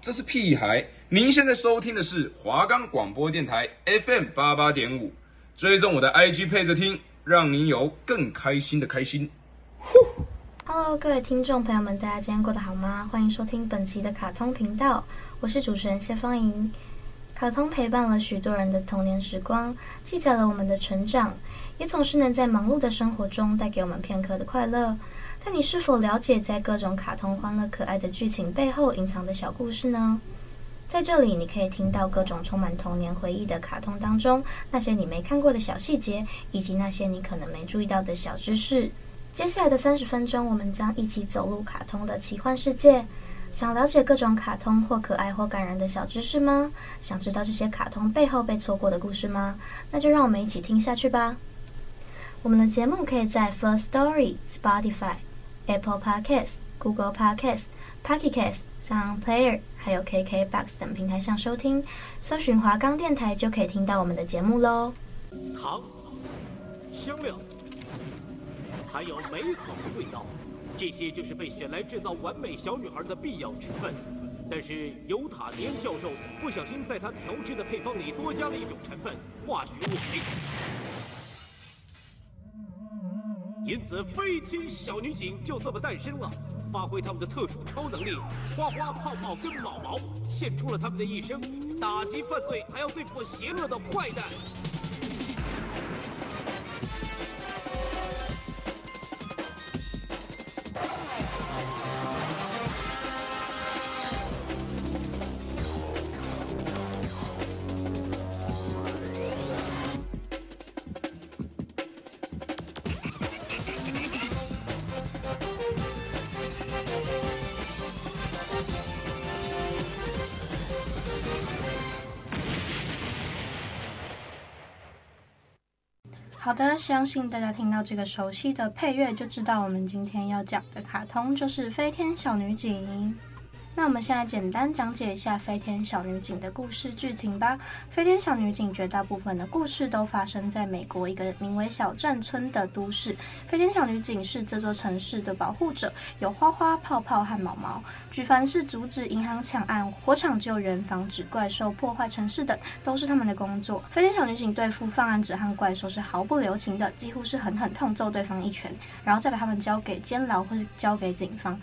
這是屁孩！您現在收聽的是華岡廣播電台 FM 八八點五，追蹤我的 IG，配着聽，讓您有更開心的開心呼。Hello，各位聽眾朋友們，大家今天過得好嗎？歡迎收聽本期的卡通頻道，我是主持人謝芳螢。卡通陪伴了許多人的童年時光，記載了我們的成長，也總是能在忙碌的生活中帶給我們片刻的快樂。那你是否了解在各種卡通歡樂可愛的劇情背後隱藏的小故事呢？在這裡，你可以聽到各種充滿童年回憶的卡通當中，那些你沒看過的小細節，以及那些你可能沒注意到的小知識。接下來的三十分鐘，我們將一起走入卡通的奇幻世界。想了解各種卡通或可愛或感人的小知識嗎？想知道這些卡通背後被錯過的故事嗎？那就讓我們一起聽下去吧。我們的節目可以在 Firstory Spotify。Apple Podcast、Google Podcast、Pocket Cast、Sound Player，還有 KK Box 等平台上收聽，搜尋華岡電台就可以聽到我們的節目嘍。糖、香料，還有美好的味道，這些就是被選來製造完美小女孩的必要成分。但是尤塔尼恩教授不小心在他調製的配方裡多加了一種成分化學物 X。因此，飛天小女警就這麼誕生了。發揮他們的特殊超能力，花花泡泡跟毛毛獻出了他們的一生，打擊犯罪，還要對付邪惡的壞蛋。好的，相信大家聽到這個熟悉的配樂，就知道我們今天要講的卡通就是《飛天小女警》。那我們現在簡單講解一下《飛天小女警》的故事劇情吧。《飛天小女警》絕大部分的故事都發生在美國一個名為小鎮村的都市。飛天小女警是這座城市的保護者，有花花、泡泡和毛毛。舉凡是阻止銀行搶案、火場救人、防止怪獸破壞城市等，都是他們的工作。飛天小女警對付犯案者和怪獸是毫不留情的，幾乎是狠狠痛揍對方一拳，然後再把他們交給監牢或是交給警方。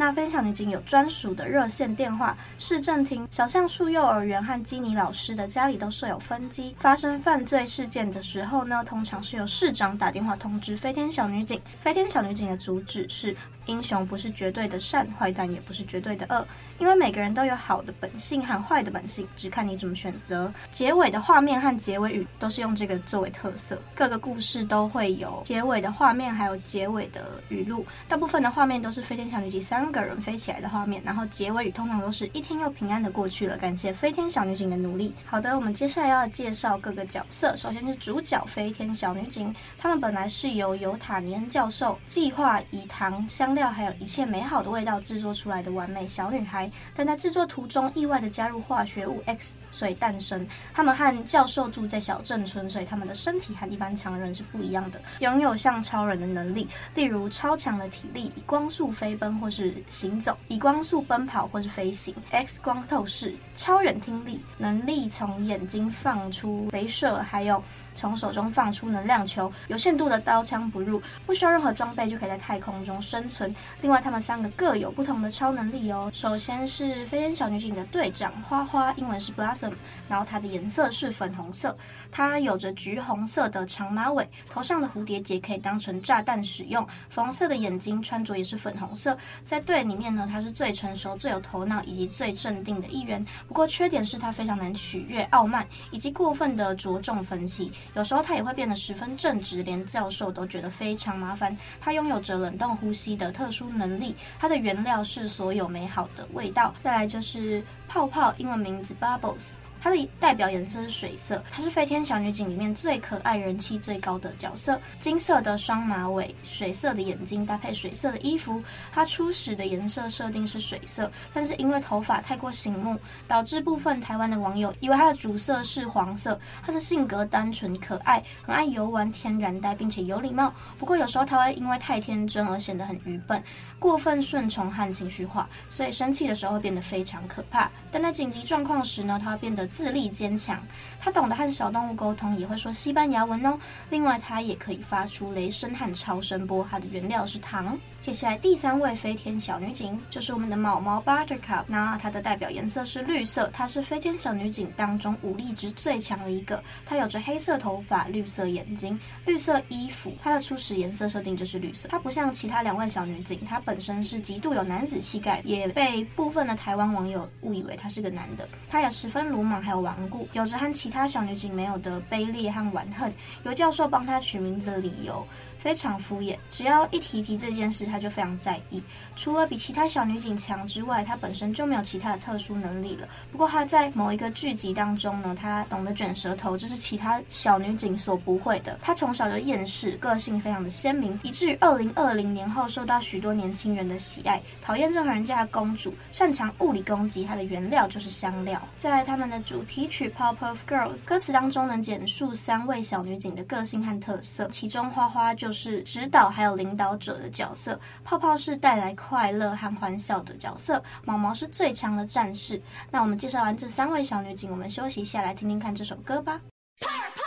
那飛天小女警有專屬的熱線電話，市政廳、小橡樹幼兒園和基尼老師的家裡都設有分機。發生犯罪事件的時候呢，通常是由市長打電話通知飛天小女警。飛天小女警的主旨是。英雄不是絕對的善，壞蛋也不是絕對的惡，因為每個人都有好的本性和壞的本性，只看你怎麼選擇。結尾的畫面和結尾語都是用這個作為特色，各個故事都會有結尾的畫面，還有結尾的語錄。大部分的畫面都是飛天小女警三個人飛起來的畫面，然後結尾語通常都是一天又平安的過去了，感謝飛天小女警的努力。好的，我們接下來要來介紹各個角色，首先是主角飛天小女警，他們本來是由尤塔尼恩教授計劃以糖香料還有一切美好的味道制作出來的完美小女孩，但在制作途中意外的加入化學物 X，所以誕生。他們和教授住在小鎮村，所以他們的身體和一般常人是不一樣的，擁有像超人的能力，例如超強的體力，以光速飛奔或是行走，以光速奔跑或是飛行，X 光透視，超遠聽力，能力從眼睛放出鐳射，還有。從手中放出能量球，有限度的刀槍不入，不需要任何裝備就可以在太空中生存。另外，他們三個各有不同的超能力哦。首先是飛天小女警的隊長花花，英文是 Blossom，然後它的顏色是粉紅色，它有着橘紅色的長馬尾，頭上的蝴蝶結可以當成炸彈使用，粉紅色的眼睛，穿着也是粉紅色。在隊裡面呢，它是最成熟、最有頭腦以及最鎮定的一員。不過缺點是它非常難取悅，傲慢以及過分的着重分析。有時候他也會變得十分正直，連教授都覺得非常麻煩。他擁有着冷凍呼吸的特殊能力，他的原料是所有美好的味道。再來就是泡泡，英文名字 Bubbles。它的代表顏色是水色，它是飛天小女警裡面最可愛、人氣最高的角色。金色的雙馬尾，水色的眼睛，搭配水色的衣服。它初始的顏色設定是水色，但是因為頭髮太過醒目，導致部分台灣的網友以為它的主色是黃色。它的性格單純可愛，很愛遊玩、天然呆，並且有禮貌。不過有時候它會因為太天真而顯得很愚笨，過分順從和情緒化，所以生氣的時候會變得非常可怕。但在緊急狀況時呢，它會變得，自立堅強，他懂得和小動物溝通，也會說西班牙文哦。另外，他也可以發出雷聲和超聲波，它的原料是糖。接下來第三位飛天小女警就是我們的毛毛 b u t t c，那它的代表顏色是綠色，它是飛天小女警當中武力值最強的一個。它有着黑色頭髮、綠色眼睛、綠色衣服，它的初始顏色設定就是綠色。它不像其他兩位小女警，它本身是極度有男子氣概，也被部分的台灣網友誤以為他是個男的。他也十分魯莽。還有頑固，有着和其他小女警沒有的卑劣和蠻橫，由教授幫她取名字的理由，非常敷衍，只要一提及這件事，他就非常在意。除了比其他小女警強之外，他本身就沒有其他的特殊能力了。不過他在某一個劇集當中呢，他懂得捲舌頭，這、就是其他小女警所不會的。她從小就厭世，個性非常的鮮明，以至於二零二零年後受到許多年輕人的喜愛。討厭任何人家的公主，擅長物理攻擊，它的原料就是香料。再來他們的主題曲《Powerpuff Girls》歌詞當中，能簡述三位小女警的個性和特色，其中花花就。就是指導還有領導者的角色，泡泡是帶來快樂和歡笑的角色，毛毛是最強的戰士。那我們介紹完這三位小女警，我們休息一下，來聽聽看這首歌吧。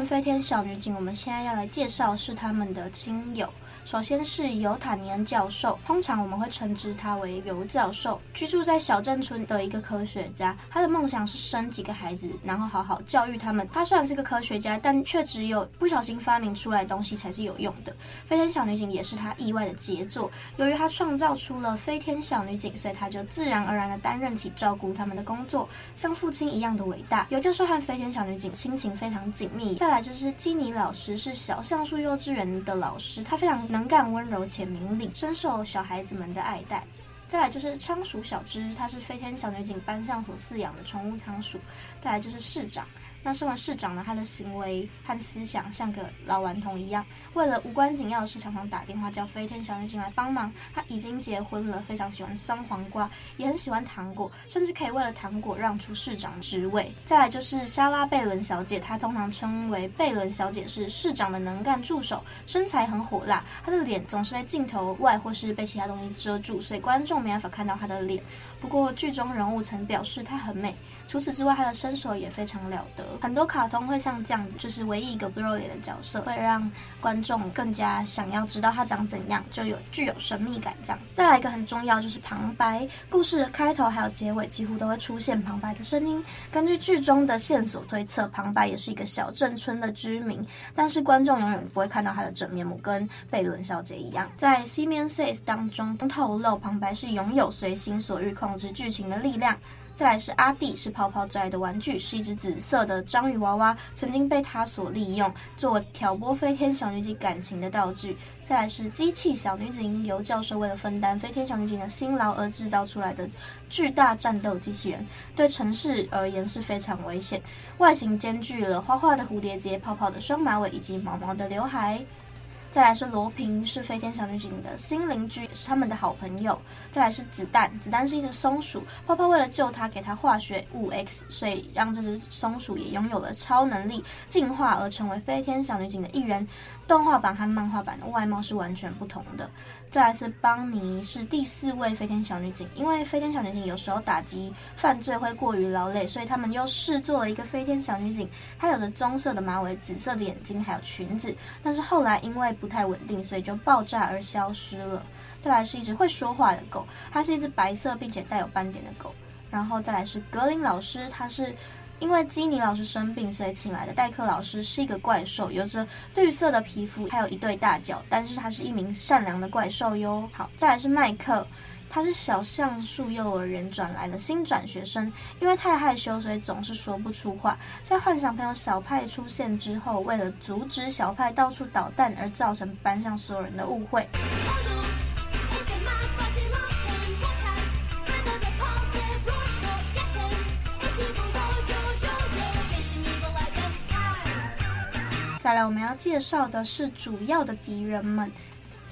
《飛天小女警》，我們現在要來介紹是他們的親友。首先是尤塔尼恩教授，通常我們會稱之他為尤教授，居住在小鎮村的一個科學家。他的夢想是生幾個孩子，然後好好教育他們。他雖然是個科學家，但卻只有不小心發明出來的東西才是有用的。飛天小女警也是他意外的傑作。由於他創造出了飛天小女警，所以他就自然而然的擔任起照顧他們的工作，像父親一樣的偉大。尤教授和飛天小女警親情非常緊密。再來就是基尼老師，是小橡樹幼稚園的老師，他非常，能幹、溫柔且明理，深受小孩子們的愛戴。再來就是倉鼠小隻，它是飛天小女警班上所飼養的寵物倉鼠。再來就是市長。那說完市長呢，他的行為和思想像個老頑童一樣，為了無關緊要的事常常打電話叫飛天小女警來幫忙。他已經結婚了，非常喜歡酸黃瓜，也很喜歡糖果，甚至可以為了糖果讓出市長職位。再來就是莎拉·貝倫小姐，她通常稱為貝倫小姐，是市長的能幹助手，身材很火辣。她的臉總是在鏡頭外或是被其他東西遮住，所以觀眾沒辦法看到她的臉。不過劇中人物曾表示她很美。除此之外，她的身手也非常了得。很多卡通會像這樣子，就是唯一一個不露臉的角色，會讓觀眾更加想要知道他長怎樣，就有具有神秘感這樣。再來一個很重要，就是旁白，故事的開頭還有結尾幾乎都會出現旁白的聲音。根據劇中的線索推測，旁白也是一個小鎮村的居民，但是觀眾永遠不會看到他的真面目，跟貝倫小姐一樣。在《Simian Says》當中，透露旁白是擁有隨心所欲控制劇情的力量。再來是阿弟，是泡泡最愛的玩具，是一隻紫色的章魚娃娃，曾經被他所利用，做挑撥飛天小女警感情的道具。再來是機器小女警，由教授為了分擔飛天小女警的辛勞而製造出來的巨大戰鬥機器人，對城市而言是非常危險。外形兼具了花花的蝴蝶結、泡泡的雙馬尾以及毛毛的劉海再來是羅平，是飛天小女警的新鄰居，是他們的好朋友。再來是子彈，子彈是一隻松鼠，泡泡為了救它，給它化學物 X，所以讓這隻松鼠也擁有了超能力，進化而成為飛天小女警的一員。動畫版和漫畫版的外貌是完全不同的。再來是邦尼，是第四位飛天小女警，因為飛天小女警有時候打擊犯罪會過於勞累，所以他們又試做了一個飛天小女警，她有着棕色的馬尾、紫色的眼睛，還有裙子。但是後來因為不太穩定，所以就爆炸而消失了。再來是一隻會說話的狗，它是一隻白色並且帶有斑點的狗。然後再來是格林老師，他是。因為基尼老師生病，所以請來的代課老師是一個怪獸，有着綠色的皮膚，還有一對大腳，但是他是一名善良的怪獸喲。好，再來是麥克，他是小橡樹幼兒園轉來的新轉學生，因為太害羞，所以總是說不出話。在幻想朋友小派出現之後，為了阻止小派到處搗蛋而造成班上所有人的誤會。 再來，我們要介紹的是主要的敵人們。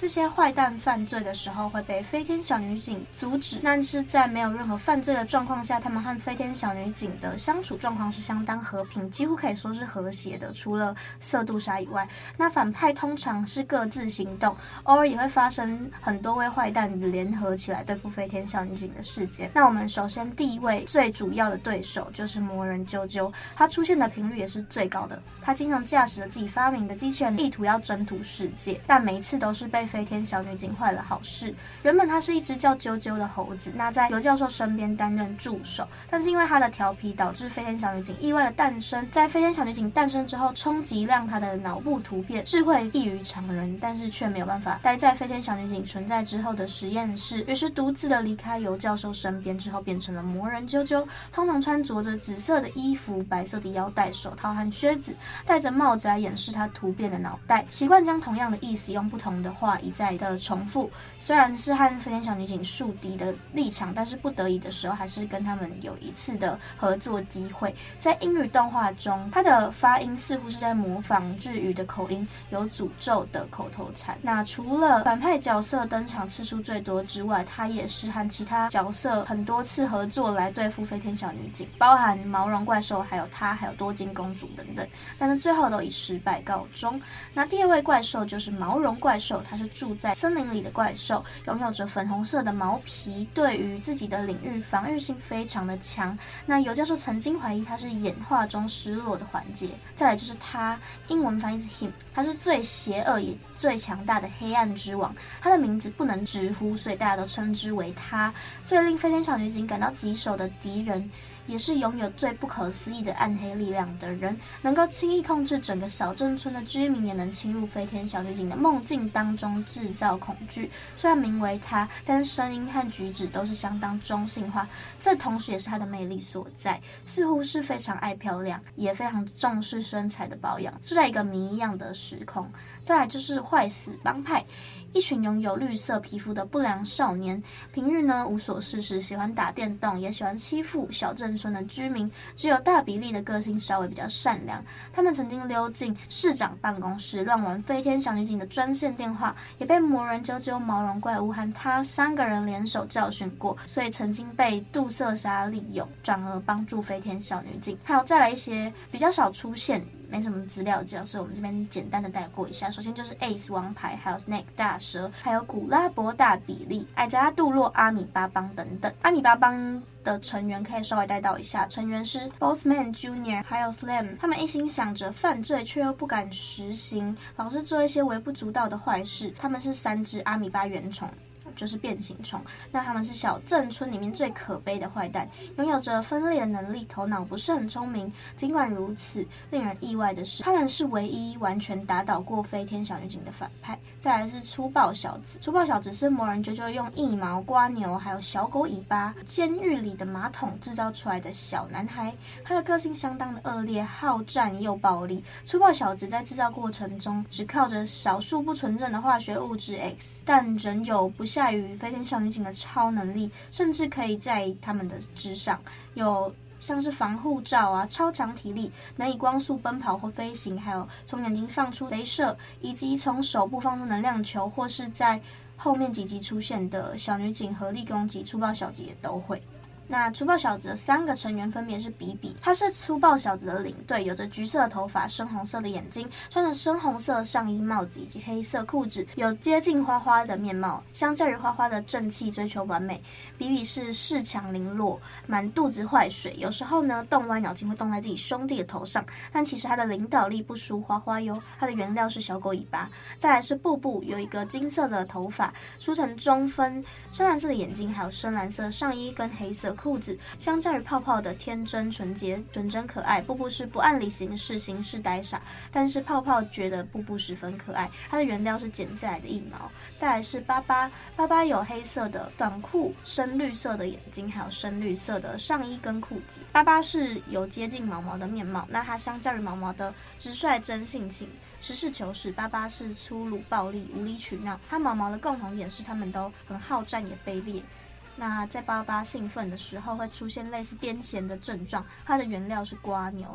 這些壞蛋犯罪的時候會被飛天小女警阻止，但是在沒有任何犯罪的狀況下，他們和飛天小女警的相處狀況是相當和平，幾乎可以說是和諧的。除了色杜莎以外，那反派通常是各自行動，偶爾也會發生很多位壞蛋聯合起來對付飛天小女警的事件。那我們首先第一位最主要的對手就是魔人啾啾，他出現的頻率也是最高的。他經常駕駛着自己發明的機器人，意圖要征服世界，但每一次都是被。飛天小女警壞了好事。原本她是一隻叫啾啾的猴子，那在尤教授身邊擔任助手。但是因為她的調皮，導致飛天小女警意外的誕生。在飛天小女警誕生之後，衝擊讓她的腦部突變，智慧異於常人，但是卻沒有辦法待在飛天小女警存在之後的實驗室，於是獨自的離開尤教授身邊之後，變成了魔人啾啾。通常穿着着紫色的衣服、白色的腰帶、手套和靴子，戴着帽子來掩飾她突變的腦袋，習慣將同樣的意思用不同的話。一再的重複，雖然是和飛天小女警樹敵的立場，但是不得已的時候還是跟他們有一次的合作機會。在英語動畫中，他的發音似乎是在模仿日語的口音，有詛咒的口頭禪。那除了反派角色登場次數最多之外，他也是和其他角色很多次合作來對付飛天小女警，包含毛絨怪獸，還有他，還有多金公主等等，但是最後都以失敗告終。那第二位怪獸就是毛絨怪獸，他是。住在森林裡的怪獸，擁有着粉紅色的毛皮，對於自己的領域防禦性非常的強。那尤教授曾經懷疑他是演化中失落的環節。再來就是他，英文翻譯是 him，他是最邪惡也最強大的黑暗之王。他的名字不能直呼，所以大家都稱之為他。最令飛天小女警感到棘手的敵人。也是擁有最不可思議的暗黑力量的人，能夠輕易控制整個小鎮村的居民，也能侵入飛天小女警的夢境當中制造恐懼。雖然名為他，但聲音和舉止都是相當中性化，這同時也是他的魅力所在。似乎是非常愛漂亮，也非常重視身材的保養，住在一個謎一樣的時空。再來就是壞死幫派。一群擁有綠色皮膚的不良少年，平日呢，無所事事，喜歡打電動，也喜歡欺負小鎮村的居民。只有大比利的個性稍微比較善良。他們曾經溜進市長辦公室，亂玩飛天小女警的專線電話，也被魔人啾啾毛絨怪物和他三個人聯手教訓過。所以曾經被杜瑟莎利用，轉而幫助飛天小女警。還有再來一些比較少出現。沒什麼資料介紹，所以我們這邊簡單的帶過一下。首先就是 Ace 王牌，還有 Snake 大蛇，還有古拉伯大比利，矮子阿杜洛、阿米巴幫等等。阿米巴幫的成員可以稍微帶到一下，成員是 Bossman Jr.，還有 Slim。他們一心想着犯罪，卻又不敢實行，老是做一些微不足道的壞事。他們是三隻阿米巴原蟲。就是變形蟲，那他們是小鎮村裡面最可悲的壞蛋，擁有着分裂的能力，頭腦不是很聰明。盡管如此，令人意外的是，他們是唯一完全打倒過飛天小女警的反派。再來是粗暴小子，粗暴小子是魔人啾啾用一毛蝸牛還有小狗尾巴、監獄裡的馬桶制造出來的小男孩。他的個性相當的惡劣，好戰又暴力。粗暴小子在制造過程中只靠着少數不純正的化學物質 X，但仍有不像。在於飛天小女警的超能力，甚至可以在他們的之上，有像是防護罩啊、超強體力、能以光速奔跑或飛行，還有從眼睛放出鐳射，以及從手部放出能量球，或是在後面幾集出現的小女警合力攻擊，粗暴小姐也都會。那粗暴小子的三個成員分別是比比。他是粗暴小子的領隊，有着橘色的頭髮、深紅色的眼睛，穿着深紅色上衣、帽子以及黑色褲子，有接近花花的面貌。相較於花花的正氣、追求完美，比比是恃強凌弱，滿肚子壞水，有時候呢，動歪腦筋會動在自己兄弟的頭上。但其實他的領導力不輸花花喲，他的原料是小狗尾巴。再來是布布，有一個金色的頭髮，梳成中分，深藍色的眼睛，還有深藍色上衣跟黑色。褲子，相較於泡泡的天真純潔、純真可愛，布布是不按理行事、行事呆傻。但是泡泡覺得布布十分可愛。它的原料是剪下來的一毛。再來是巴巴，巴巴有黑色的短褲、深綠色的眼睛，還有深綠色的上衣跟褲子。巴巴是有接近毛毛的面貌。那它相較於毛毛的直率真性情、實事求是，巴巴是粗魯暴力、無理取鬧。它毛毛的共同點是，他們都很好戰也卑劣。那在爸爸興奮的時候會出現類似癲癇的症狀，它的原料是蝸牛。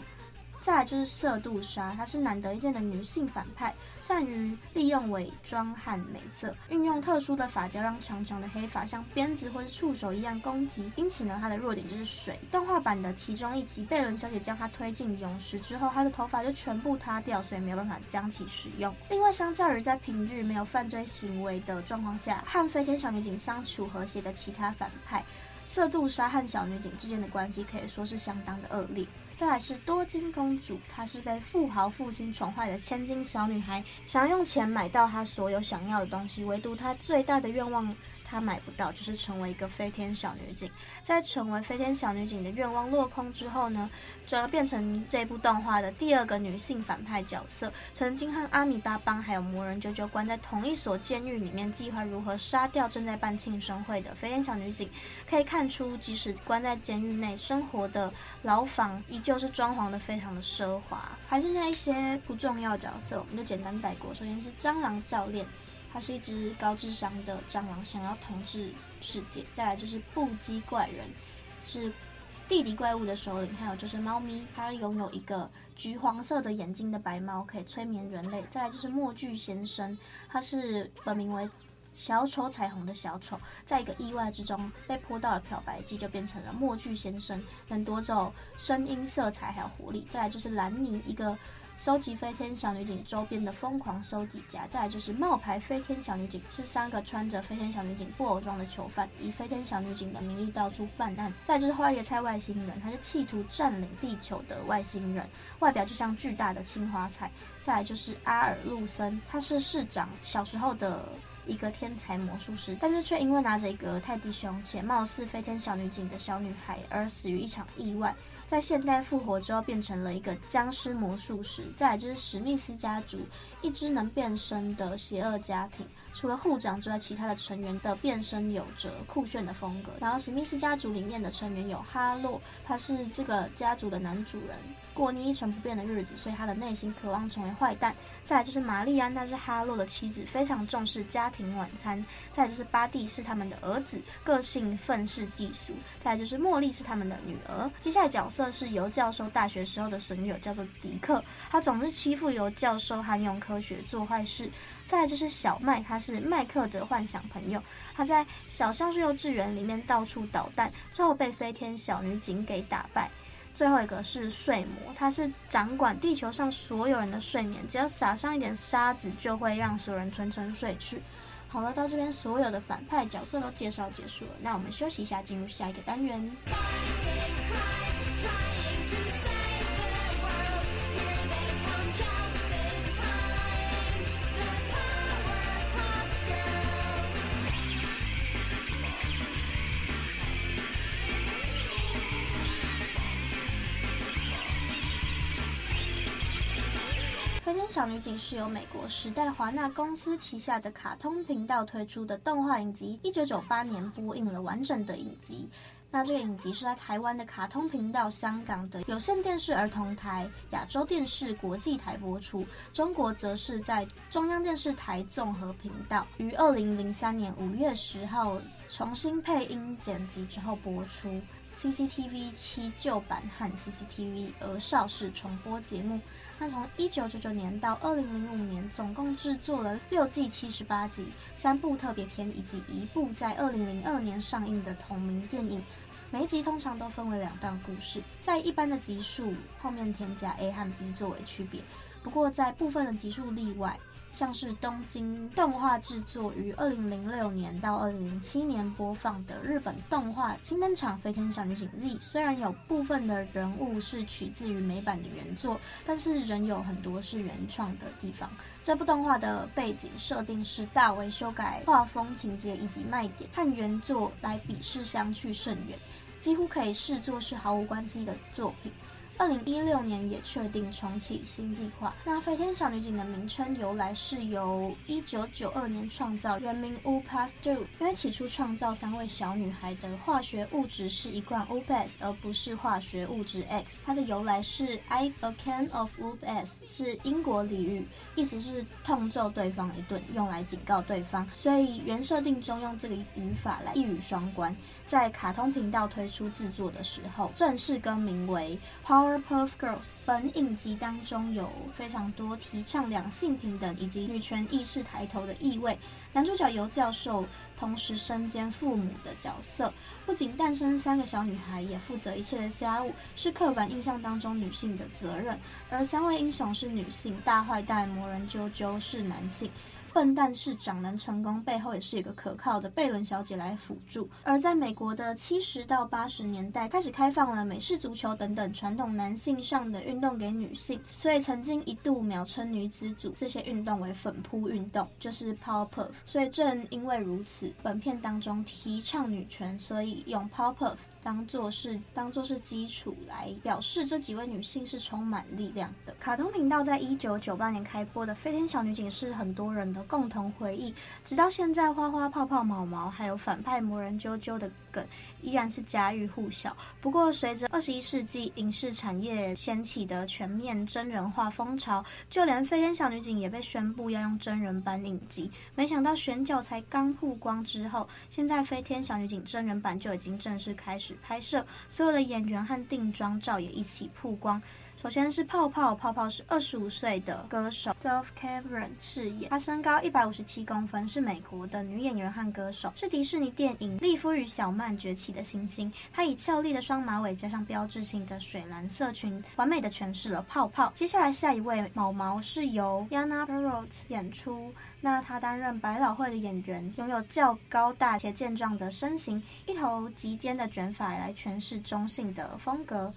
再來就是色杜莎，她是難得一見的女性反派，善於利用偽裝和美色，運用特殊的髮膠讓長長的黑髮像鞭子或者觸手一樣攻擊。因此呢，她的弱點就是水。動畫版的其中一集，貝倫小姐將她推進泳池之後，她的頭髮就全部塌掉，所以沒有辦法將其使用。另外，相較於在平日沒有犯罪行為的狀況下和飛天小女警相處和諧的其他反派，色杜莎和小女警之間的關係可以說是相當的惡劣。再來是多金公主，她是被富豪父親寵壞的千金小女孩，想要用錢買到她所有想要的東西，唯獨她最大的願望，他買不到，就是成為一個飛天小女警。在成為飛天小女警的願望落空之後呢，轉而變成這部動畫的第二個女性反派角色。曾經和阿米巴幫，還有魔人啾啾關在同一所監獄裡面，計劃如何殺掉正在辦慶生會的飛天小女警。可以看出，即使關在監獄內，生活的牢房依舊是裝潢得非常的奢華。還剩下一些不重要角色，我們就簡單帶過。首先是蟑螂教練。他是一隻高智商的蟑螂，想要統治世界。再來就是布基怪人，是地底怪物的首領。還有就是貓咪，它擁有一個橘黃色的眼睛的白貓，可以催眠人類。再來就是默劇先生，他是本名為小丑彩虹的小丑，在一個意外之中被潑到了漂白劑，就變成了默劇先生，能奪走聲音、色彩還有活力。再來就是蘭尼，一個。收集飛天小女警周邊的瘋狂收集家，再來就是冒牌飛天小女警，是三個穿着飛天小女警布偶裝的囚犯，以飛天小女警的名義到處犯案。再來就是花椰菜外星人，他是企圖占領地球的外星人，外表就像巨大的青花菜。再來就是阿爾路森，他是市長小時候的一個天才魔術師，但是卻因為拿着一個泰迪熊且貌似飛天小女警的小女孩而死於一場意外。在現代復活之後，變成了一個僵屍魔術師。再來就是史密斯家族，一只能變身的邪惡家庭。除了護長之外，其他的成員的變身有着酷炫的風格。然後史密斯家族裡面的成員有哈洛，他是這個家族的男主人，過著一成不變的日子，所以他的內心渴望成為壞蛋。再來就是瑪麗安，她是哈洛的妻子，非常重視家庭晚餐。再來就是巴蒂，是他們的兒子，個性憤世嫉俗。再來就是茉莉，是他們的女兒。接下來角色是尤教授大學時候的損友，叫做迪克，他總是欺負尤教授，還用科學做壞事。再來就是小麥，他是麥克的幻想朋友，他在小橡樹幼稚園裡面到處搗蛋，最後被飛天小女警給打敗。最後一個是睡魔，他是掌管地球上所有人的睡眠，只要撒上一點沙子，就會讓所有人沉沉睡去。好了，到這邊所有的反派角色都介紹結束了，那我們休息一下，進入下一個單元。《小女警》是由美國時代華納公司旗下的卡通頻道推出的動畫影集，一九九八年播映了完整的影集。那這個影集是在台灣的卡通頻道、香港的有線電視兒童台、亞洲電視國際台播出，中國則是在中央電視台綜合頻道於二零零三年五月十號重新配音剪輯之後播出。CCTV 七舊版和 CCTV 而邵氏重播節目。他從一九九九年到二零零五年，總共制作了六季七十八集，三部特別篇以及一部在二零零二年上映的同名電影。每一集通常都分為兩段故事，在一般的集數後面添加 A 和 B 作為區別。不過，在部分的集數例外。像是東京動畫製作於二零零六年到二零零七年播放的日本動畫新登場飛天小女警 Z，雖然有部分的人物是取自於美版的原作，但是仍有很多是原創的地方。這部動畫的背景設定是大為修改畫風、情節以及賣點，和原作來比是相去甚遠，幾乎可以視作是毫無關係的作品。二零一六年也確定重啟新計劃。那飛天小女警的名稱由來是由一九九二年創造，原名 Whoopass 2。因為起初創造三位小女孩的化學物質是一罐 Whoopass 而不是化學物質 X。它的由來是 I a can of Whoopass，是英國俚語，意思是痛揍對方一頓，用來警告對方。所以原設定中用這個語法來一語雙關。在卡通頻道推出制作的時候，正式更名為 Powerpuff Girls。本影集當中有非常多提倡兩性平等以及女權意識抬頭的意味。男主角由教授，同時身兼父母的角色，不僅誕生三個小女孩，也負責一切的家務，是刻板印象當中女性的責任。而三位英雄是女性，大壞蛋魔人啾啾是男性。笨蛋市長能成功背後，也是一個可靠的貝倫小姐來輔助。而在美國的七十到八十年代，開始開放了美式足球等等傳統男性上的運動給女性，所以曾經一度秒稱女子組這些運動為粉撲運動，就是 Powerpuff。所以正因為如此，本片當中提倡女權，所以用 Powerpuff 當做是當做是基礎來表示，這幾位女性是充滿力量的。卡通頻道在一九九八年開播的《飛天小女警》是很多人的共同回憶，直到現在，花花泡泡毛毛還有反派魔人啾啾的梗依然是家喻戶曉。不過，隨着二十一世紀影視產業掀起的全面真人化風潮，就連《飛天小女警》也被宣布要用真人版影集。沒想到選角才剛曝光之後，現在《飛天小女警》真人版就已經正式開始。拍攝，所有的演員和定妝照也一起曝光。首先是泡泡，泡泡是二十五歲的歌手 Dove Cameron 飾演，她身高一百五十七公分，是美國的女演員和歌手，是迪士尼電影《利夫與小曼崛起的星星》。她以俏麗的雙馬尾加上標誌性的水藍色裙，完美的詮釋了泡泡。接下來下一位毛毛是由 Yana Perrault 演出，那她擔任百老匯的演員，擁有較高大且健壯的身形，一頭及肩的捲髮來，來詮釋中性的風格。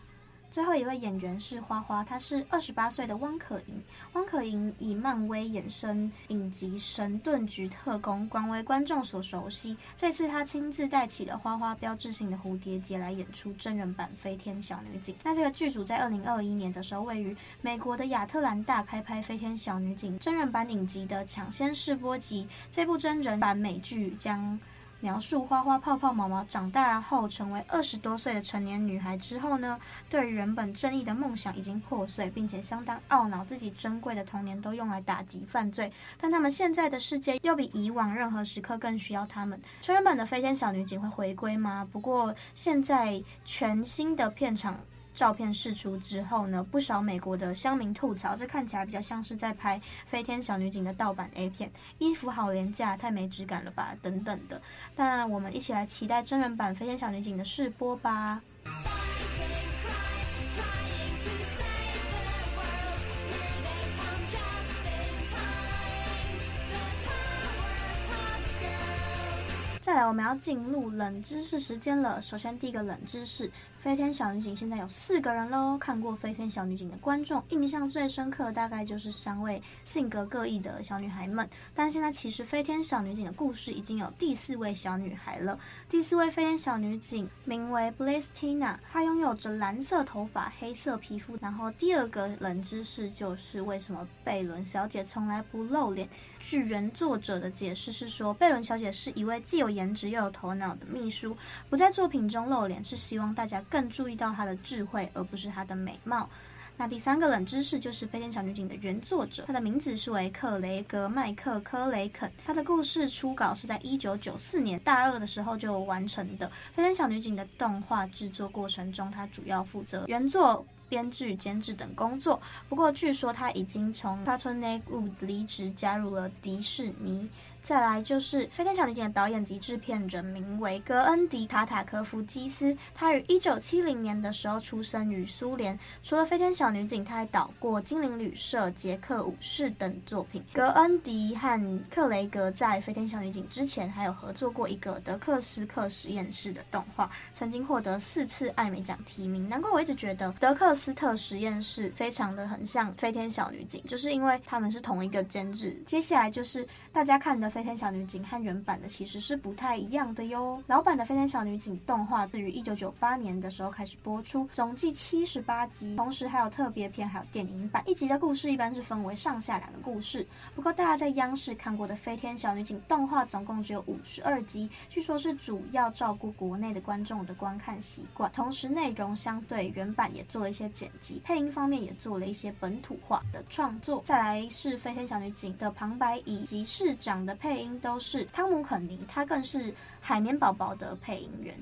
最後一位演員是花花，她是二十八歲的汪可盈。汪可盈以漫威衍生影集《神盾局特工》廣為觀眾所熟悉。這次她親自戴起了花花標誌性的蝴蝶結來演出真人版《飛天小女警》。那這個劇組在二零二一年的時候位於美國的亞特蘭大拍拍《飛天小女警》真人版影集的搶先試播集。這部真人版美劇將。描述花花泡泡毛毛長大後成為二十多歲的成年女孩之後呢，對於原本正義的夢想已經破碎，並且相當懊惱自己珍貴的童年都用來打擊犯罪。但他們現在的世界又比以往任何時刻更需要他們。成人版的飛天小女警會回歸嗎？不過現在全新的片場。照片釋出之後呢，不少美國的鄉民吐槽，這看起來比較像是在拍《飛天小女警》的盜版 A 片，衣服好廉價，太沒質感了吧，等等的。那我們一起來期待真人版《飛天小女警》的試播吧。再來，我們要進入冷知識時間了。首先，第一個冷知識：飛天小女警現在有四個人嘍。看過飛天小女警的觀眾，印象最深刻的大概就是三位性格各異的小女孩們。但現在其實飛天小女警的故事已經有第四位小女孩了。第四位飛天小女警名為 Blisstina，她擁有着藍色頭髮、黑色皮膚。然後，第二個冷知識就是為什麼貝倫小姐從來不露臉。據原作者的解釋是說，貝倫小姐是一位既有顏值又有頭腦的秘書，不在作品中露臉，是希望大家更注意到她的智慧，而不是她的美貌。那第三個冷知識就是《飛天小女警》的原作者，她的名字是為克雷格·麥克科雷肯，她的故事初稿是在一九九四年大二的時候就完成的。《飛天小女警》的動畫制作過程中，她主要負責原作、編劇、監製等工作。不過，據說他已經從 Cartoon Network 離職，加入了迪士尼。再來就是《飛天小女警》的導演及制片人名為格恩迪·塔塔科夫基斯，他於一九七零年的時候出生於蘇聯。除了《飛天小女警》，他還導過《精靈旅社》《傑克武士》等作品。格恩迪和克雷格在《飛天小女警》之前還有合作過一個德克斯克實驗室的動畫，曾經獲得四次艾美獎提名。難怪我一直覺得德克斯特實驗室非常的很像《飛天小女警》，就是因為他們是同一個監制。接下來就是大家看的。飛天小女警和原版的其實是不太一樣的喲，老版的。老版的飛天小女警動畫對於一九九八年的時候開始播出，總計七十八集，同時還有特別篇，還有電影版。一集的故事一般是分為上下兩個故事。不過大家在央視看過的飛天小女警動畫總共只有五十二集，據說是主要照顧國內的觀眾的觀看習慣，同時內容相對原版也做了一些剪輯，配音方面也做了一些本土化的創作。再來是飛天小女警的旁白以及市長的配。配音都是湯姆·肯尼，他更是《海綿寶寶》的配音員。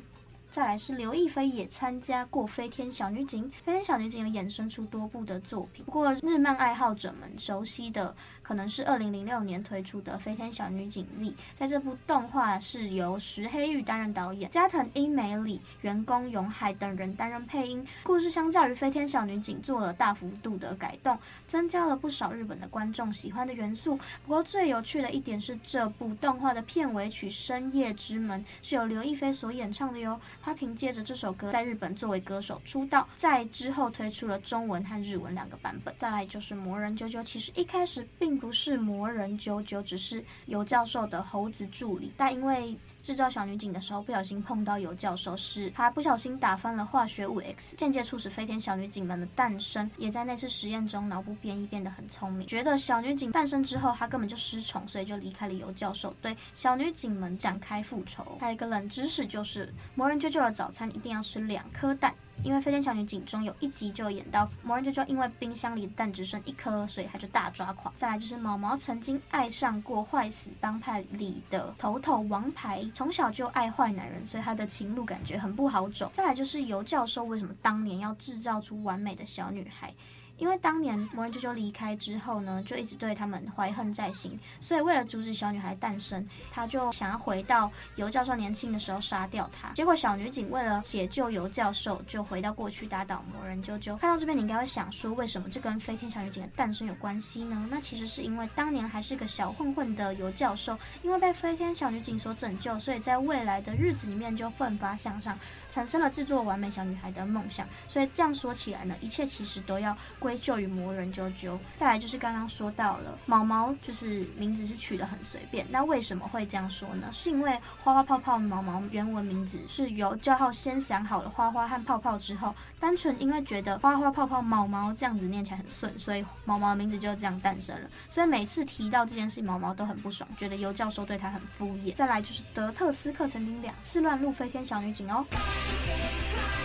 再來是劉亦菲，也參加過《飛天小女警》，《飛天小女警》有衍生出多部的作品。不過日漫愛好者們熟悉的。可能是二零零六年推出的《飛天小女警 Z》，在這部動畫是由石黑玉擔任導演，加藤英美里、員工永海等人擔任配音。故事相較於《飛天小女警》做了大幅度的改動，增加了不少日本的觀眾喜歡的元素。不過最有趣的一點是，這部動畫的片尾曲《深夜之門》是由劉亦菲所演唱的喲。她憑借着這首歌在日本作為歌手出道，在之後推出了中文和日文兩個版本。再來就是《魔人啾啾》，其實一開始並。並不是魔人啾啾，只是尤教授的猴子助理。但因為制造小女警的時候不小心碰到尤教授時，是他不小心打翻了化學物 X，間接促使飛天小女警們的誕生。也在那次實驗中腦部變異變得很聰明，覺得小女警誕生之後他根本就失寵，所以就離開了尤教授，對小女警們展開復仇。還有一個冷知識就是，魔人啾啾的早餐一定要吃兩顆蛋。因為飛天小女警中有一集就演到，魔人就因為冰箱裡的蛋只剩一顆，所以他就大抓狂。再來就是毛毛曾經愛上過壞死幫派裡的頭頭王牌，從小就愛壞男人，所以他的情路感覺很不好走。再來就是尤教授為什麼當年要製造出完美的小女孩？因為當年魔人啾啾離開之後呢，就一直對他們懷恨在心，所以為了阻止小女孩誕生，他就想要回到尤教授年輕的時候殺掉她。結果小女警為了解救尤教授，就回到過去打倒魔人啾啾。看到這邊，你應該會想說，為什麼這跟飛天小女警的誕生有關係呢？那其實是因為當年還是個小混混的尤教授，因為被飛天小女警所拯救，所以在未來的日子裡面就奮發向上，產生了製作完美小女孩的夢想。所以這樣說起來呢，一切其實都要。歸咎於魔人啾啾，再來就是剛剛說到了毛毛，就是名字是取得很隨便。那為什麼會這樣說呢？是因為花花泡泡毛毛原文名字是由教授先想好了花花和泡泡之後，單純因為覺得花花泡泡毛毛這樣子念起來很順，所以毛毛的名字就這樣誕生了。所以每次提到這件事，毛毛都很不爽，覺得尤教授對他很敷衍。再來就是德特斯克曾經兩次亂入飛天小女警哦。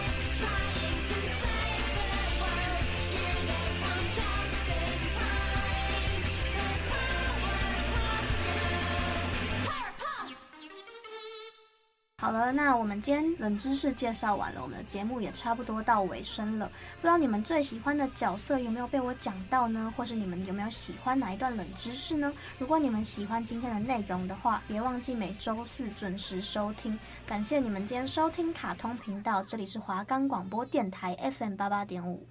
好了，那我們今天冷知識介紹完了，我們的節目也差不多到尾聲了。不知道你們最喜歡的角色有沒有被我講到呢？或是你們有沒有喜歡哪一段冷知識呢？如果你們喜歡今天的內容的話，別忘記每周四準時收聽。感謝你們今天收聽卡通頻道，這裡是華岡廣播電台 FM 八八點五。